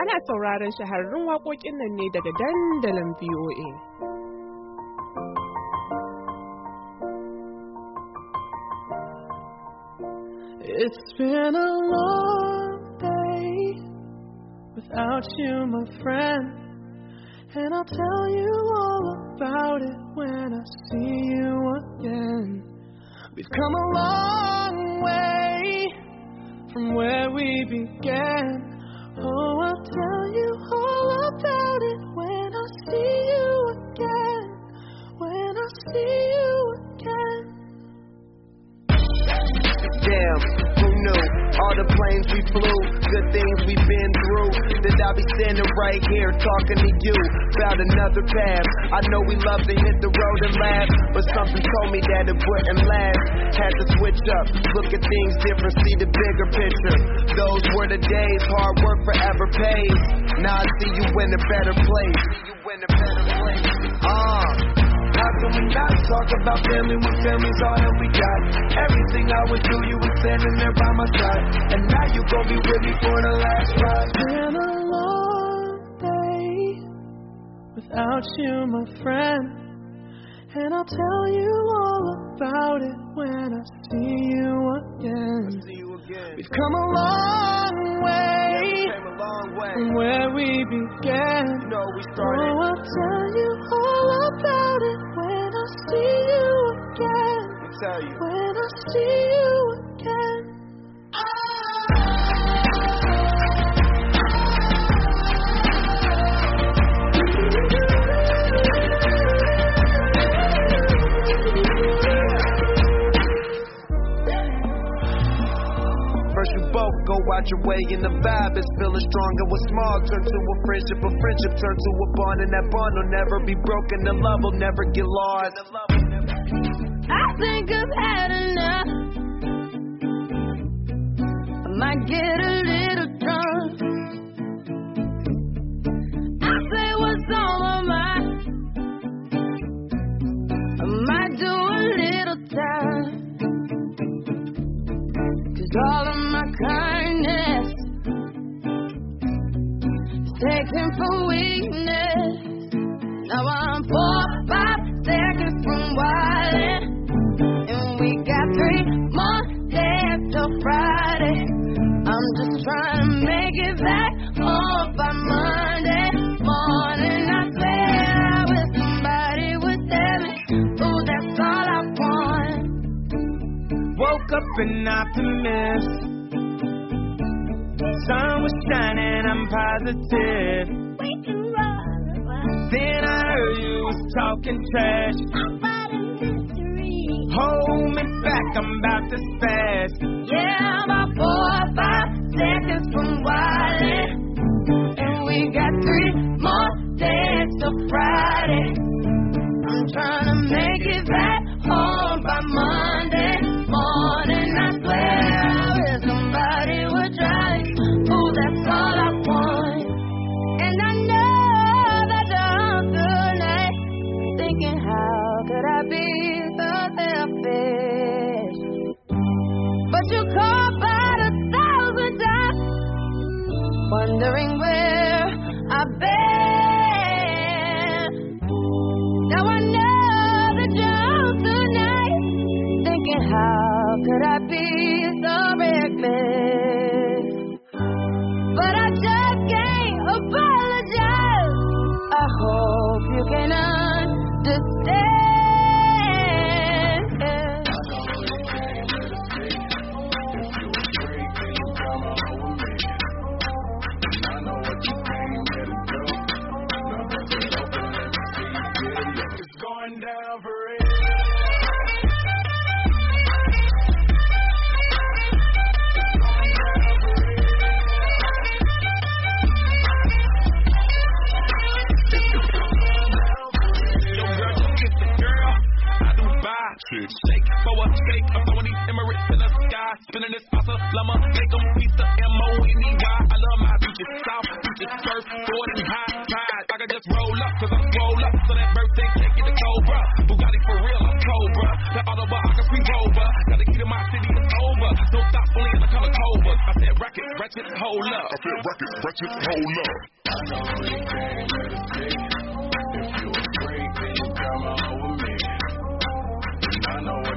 Ana sauraron shahararrun waƙoƙin nan ne daga dandalin VOA. It's been a long day without you, my friend. And I'll tell you all about it when I see you again. We've come a long way from where we began. Oh, I'll tell you all about it when I see you again. When I see you again. Damn. All the planes we flew, good things we've been through. Then I'll be standing right here talking to you about another path. I know we love to hit the road and laugh, but something told me that it wouldn't last. Had to switch up, look at things different, see the bigger picture. Those were the days, hard work forever pays. Now I see you in a better place. See you in a better place. Ah. Uh and not talk about family when family's all that we got. Everything I would do, you were standing there by my side. And now you gon' be with me for the last ride. Been a long day without you, my friend. And I'll tell you all about it when I see you again. See you again. We've come a long way yeah, way. From where we began. You know, we started. Oh, I'll tell you all about it see you again. When I see you again. find your way, and the vibe is feeling stronger. With small turn to a friendship, a friendship turn to a bond, and that bond will never be broken. The love will never get lost. I think I've had enough. might get a little drunk. I say what's on my mind. might do a little time. Cause all of him from weakness. Now I'm four, five seconds from wildin', and we got three more days till Friday. I'm just trying to make it back home by Monday morning. I swear I wish somebody would tell me, ooh, that's all I want. Woke up an optimist sun was shining, I'm positive. We can run. Then I heard you was talking trash. About a mystery. Hold me back, I'm about to spaz. Yeah, I'm about four or five seconds from wildin'. And we got three more days till Friday. I'm trying to make it. Shake for a shake. I'm throwing these emirates in the sky. Spinning this pasta llama. Take them pizza, M-O-N-E-Y. I love my beaches. South beaches, surf, board, and high tide. I can just roll up, cause I'm roll up. So that birthday cake is a Cobra. Bugatti for real, I'm Cobra. The autobiography rover. Got the key to my city, it's over. No stop, only in the color Cobra. I said, racket, wretched, hold up. I said, racket, wretched, hold up. I know it's crazy,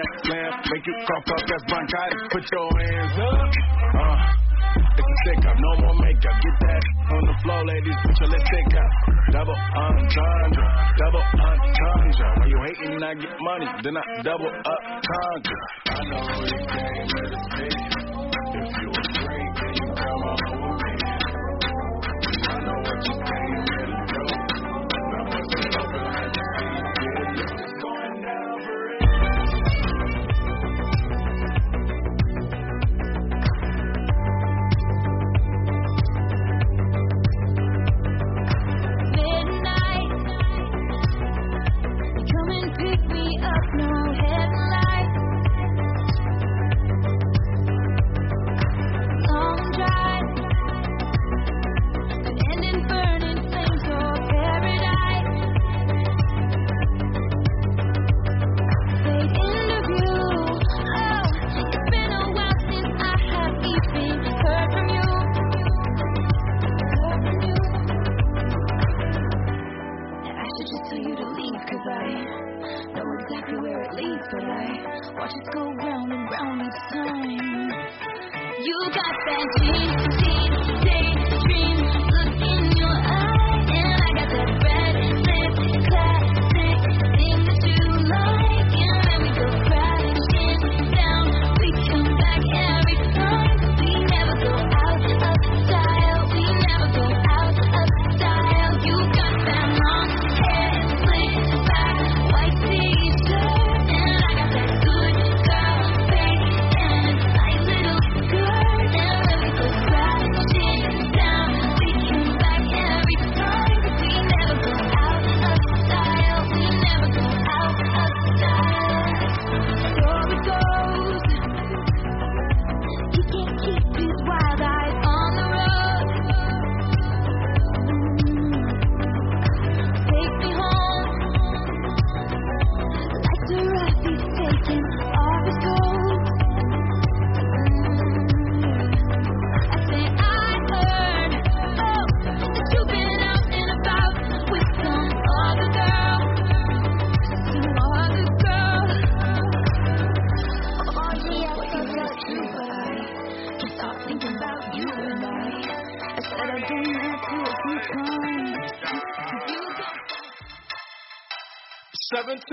that slam, make you cough up, that bronchitis. Put your hands up. Uh. It's a sick up, no more makeup. Get that on the floor, ladies. Put your lipstick up. Double entendre, double entendre. When you hating, I get money, then I double up conquer. I know you can't let the city.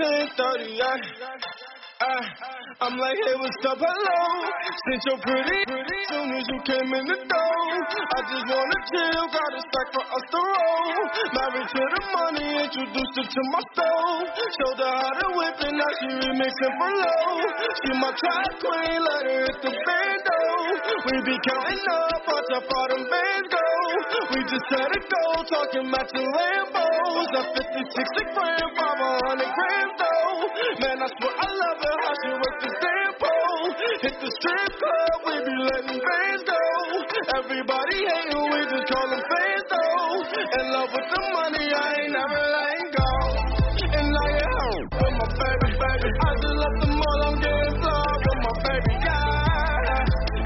30 I, I, uh, I'm like, hey, what's up, hello? Since you're pretty soon as you came in the door. I just wanna chill, got a stack for us to roll. Married to the money, introduced her to my soul. Showed her how to whip and now she remixing for low. She my track queen, let her hit the bando. We be counting up, watch how far them bands go. We just had a go, talking about your Lambos. A 56 a gram, 500 grand though. Man, I swear I love her, how she works the day. Hit the strip club, we be letting fans go. Everybody hating, we just call them fans though. In love with the money, I ain't never letting go. And I you're home with my baby, baby. I just left the mall, I'm getting flown with my baby guy.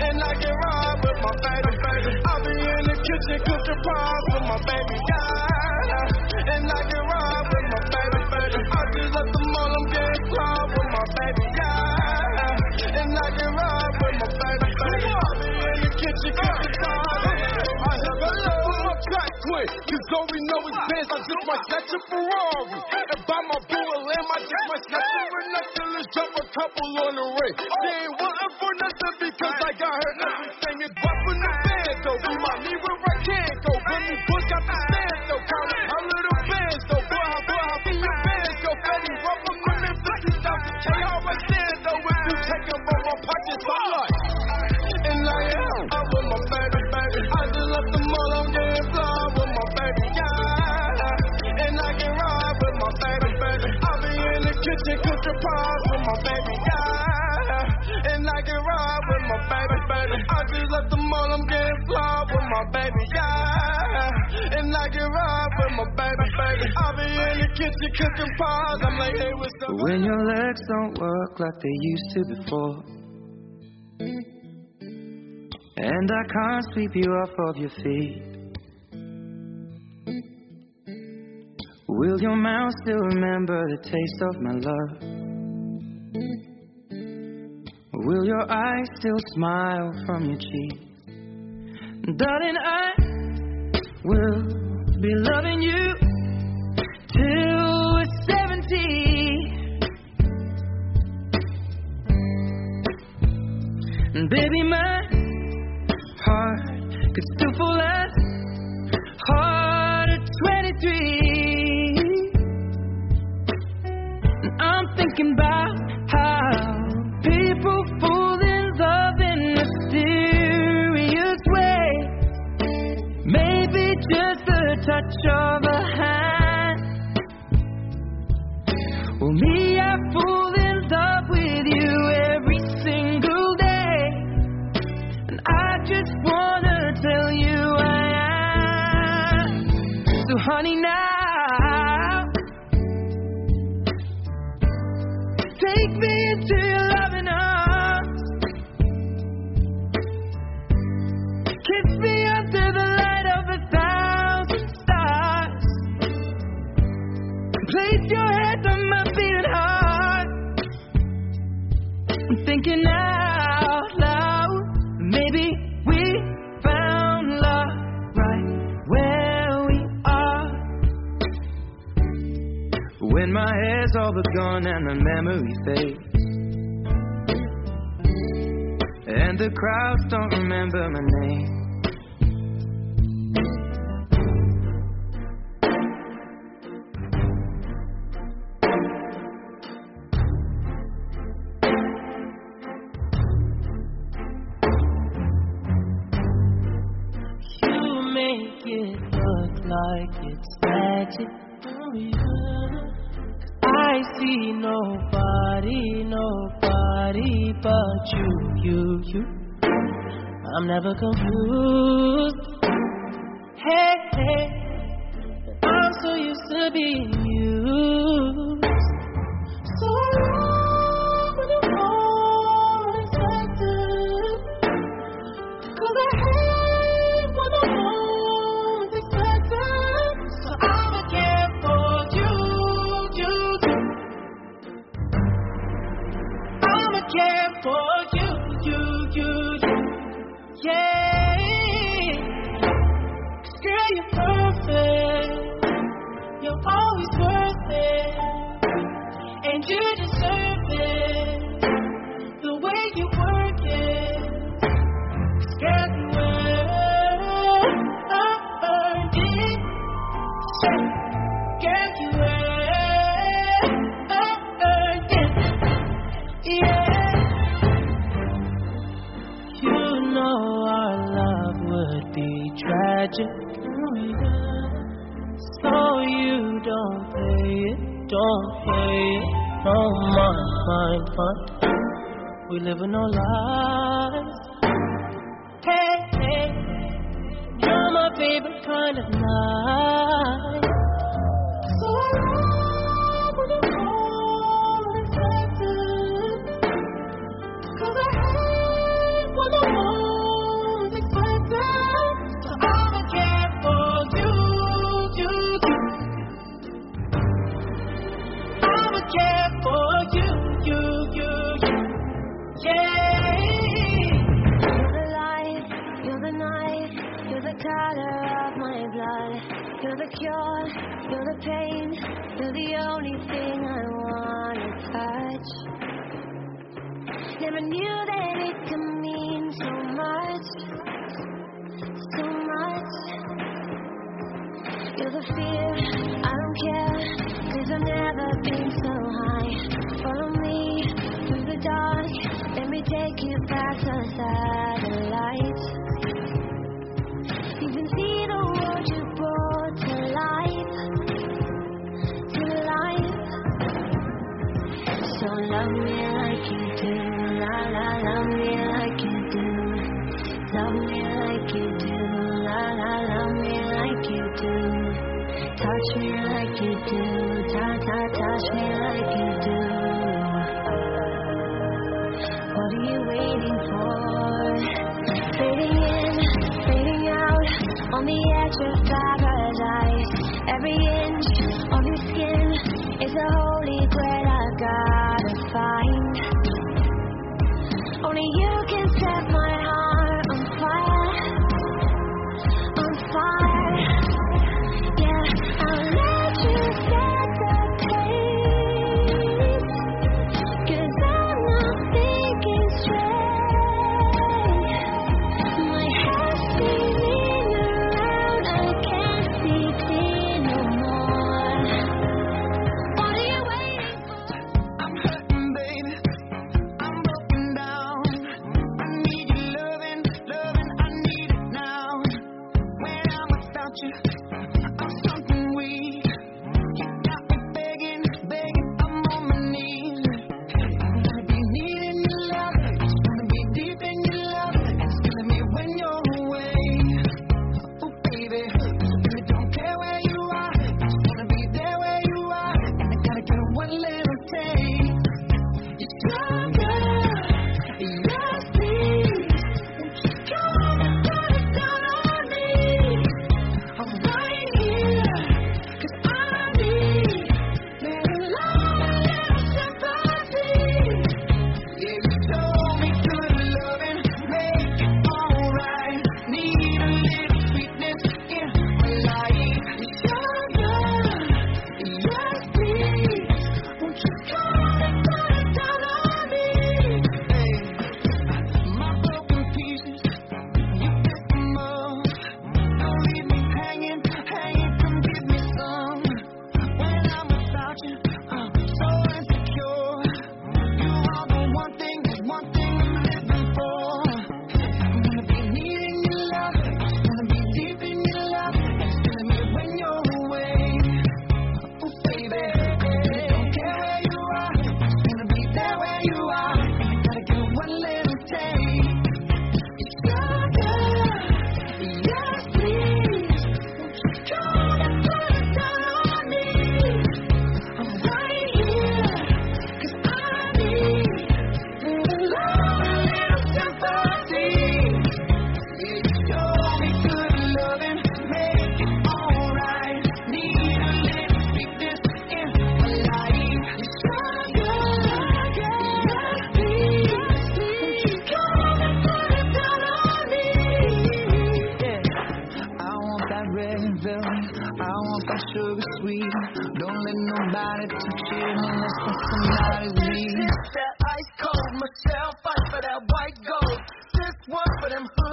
And I can ride with my baby, baby. I be in the kitchen cooking pies with my baby guy. just my ketchup Ferrari. And buy my boo a lamb, I just my ketchup for nothing. Let's drop a couple on the way. They ain't wantin' for nothing because I got her everything. It's rough in the bed, though. Be my me where I can not go. When me book, got the stand. baby, yeah. And I with my baby, baby. I be in the kitchen cooking pies. I'm like, hey, what's up? When your legs don't work like they used to before. And I can't sweep you off of your feet. Will your mouth still remember the taste of my love? Will your eyes still smile from your cheek? Darling, I will be loving you till we're 70. baby, my heart could still fall out. picture I'm thinking out loud. Maybe we found love right where we are. When my hair's all but gone and the memory fades. And the crowds don't remember my name. like it's magic. I see nobody, nobody but you, you, you. I'm never confused. Hey, hey, I'm so used to being you. way. Oh my, fine, fine. We live in our lies. Hey, hey, you're my favorite kind of night. blood. You're the cure, you're the pain, you're the only thing I wanna touch. Never knew that it could mean so much, so much. You're the fear, I don't care, cause I've never been so high. Follow me through the dark, let me take you past the satellite. Yeah.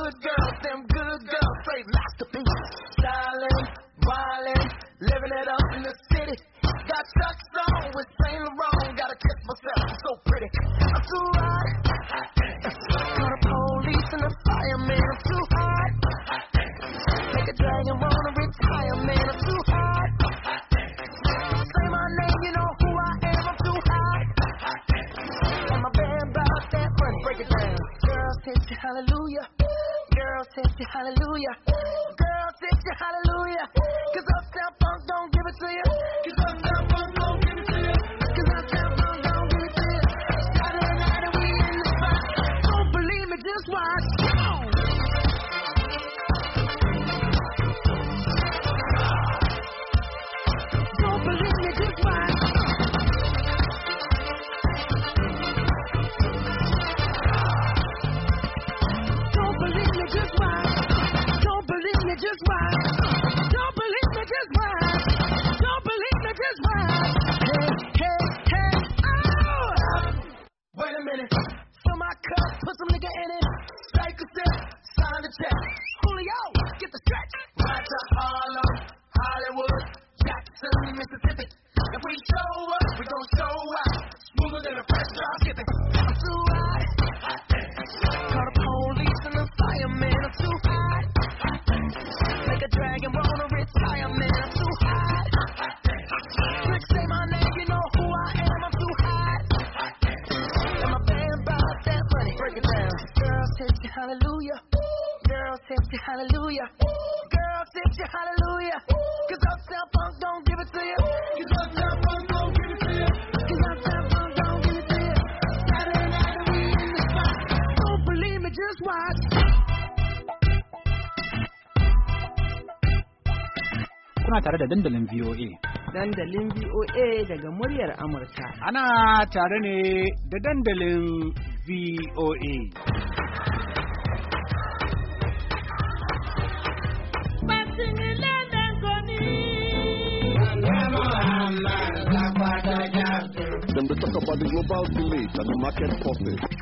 good girls, them good girls. just watch. Kuna tare da dandalin VOA. dandalin VOA daga muryar Amurka. Ana tare ne da dandalin VOA. Then the talk about the global village and the market forces.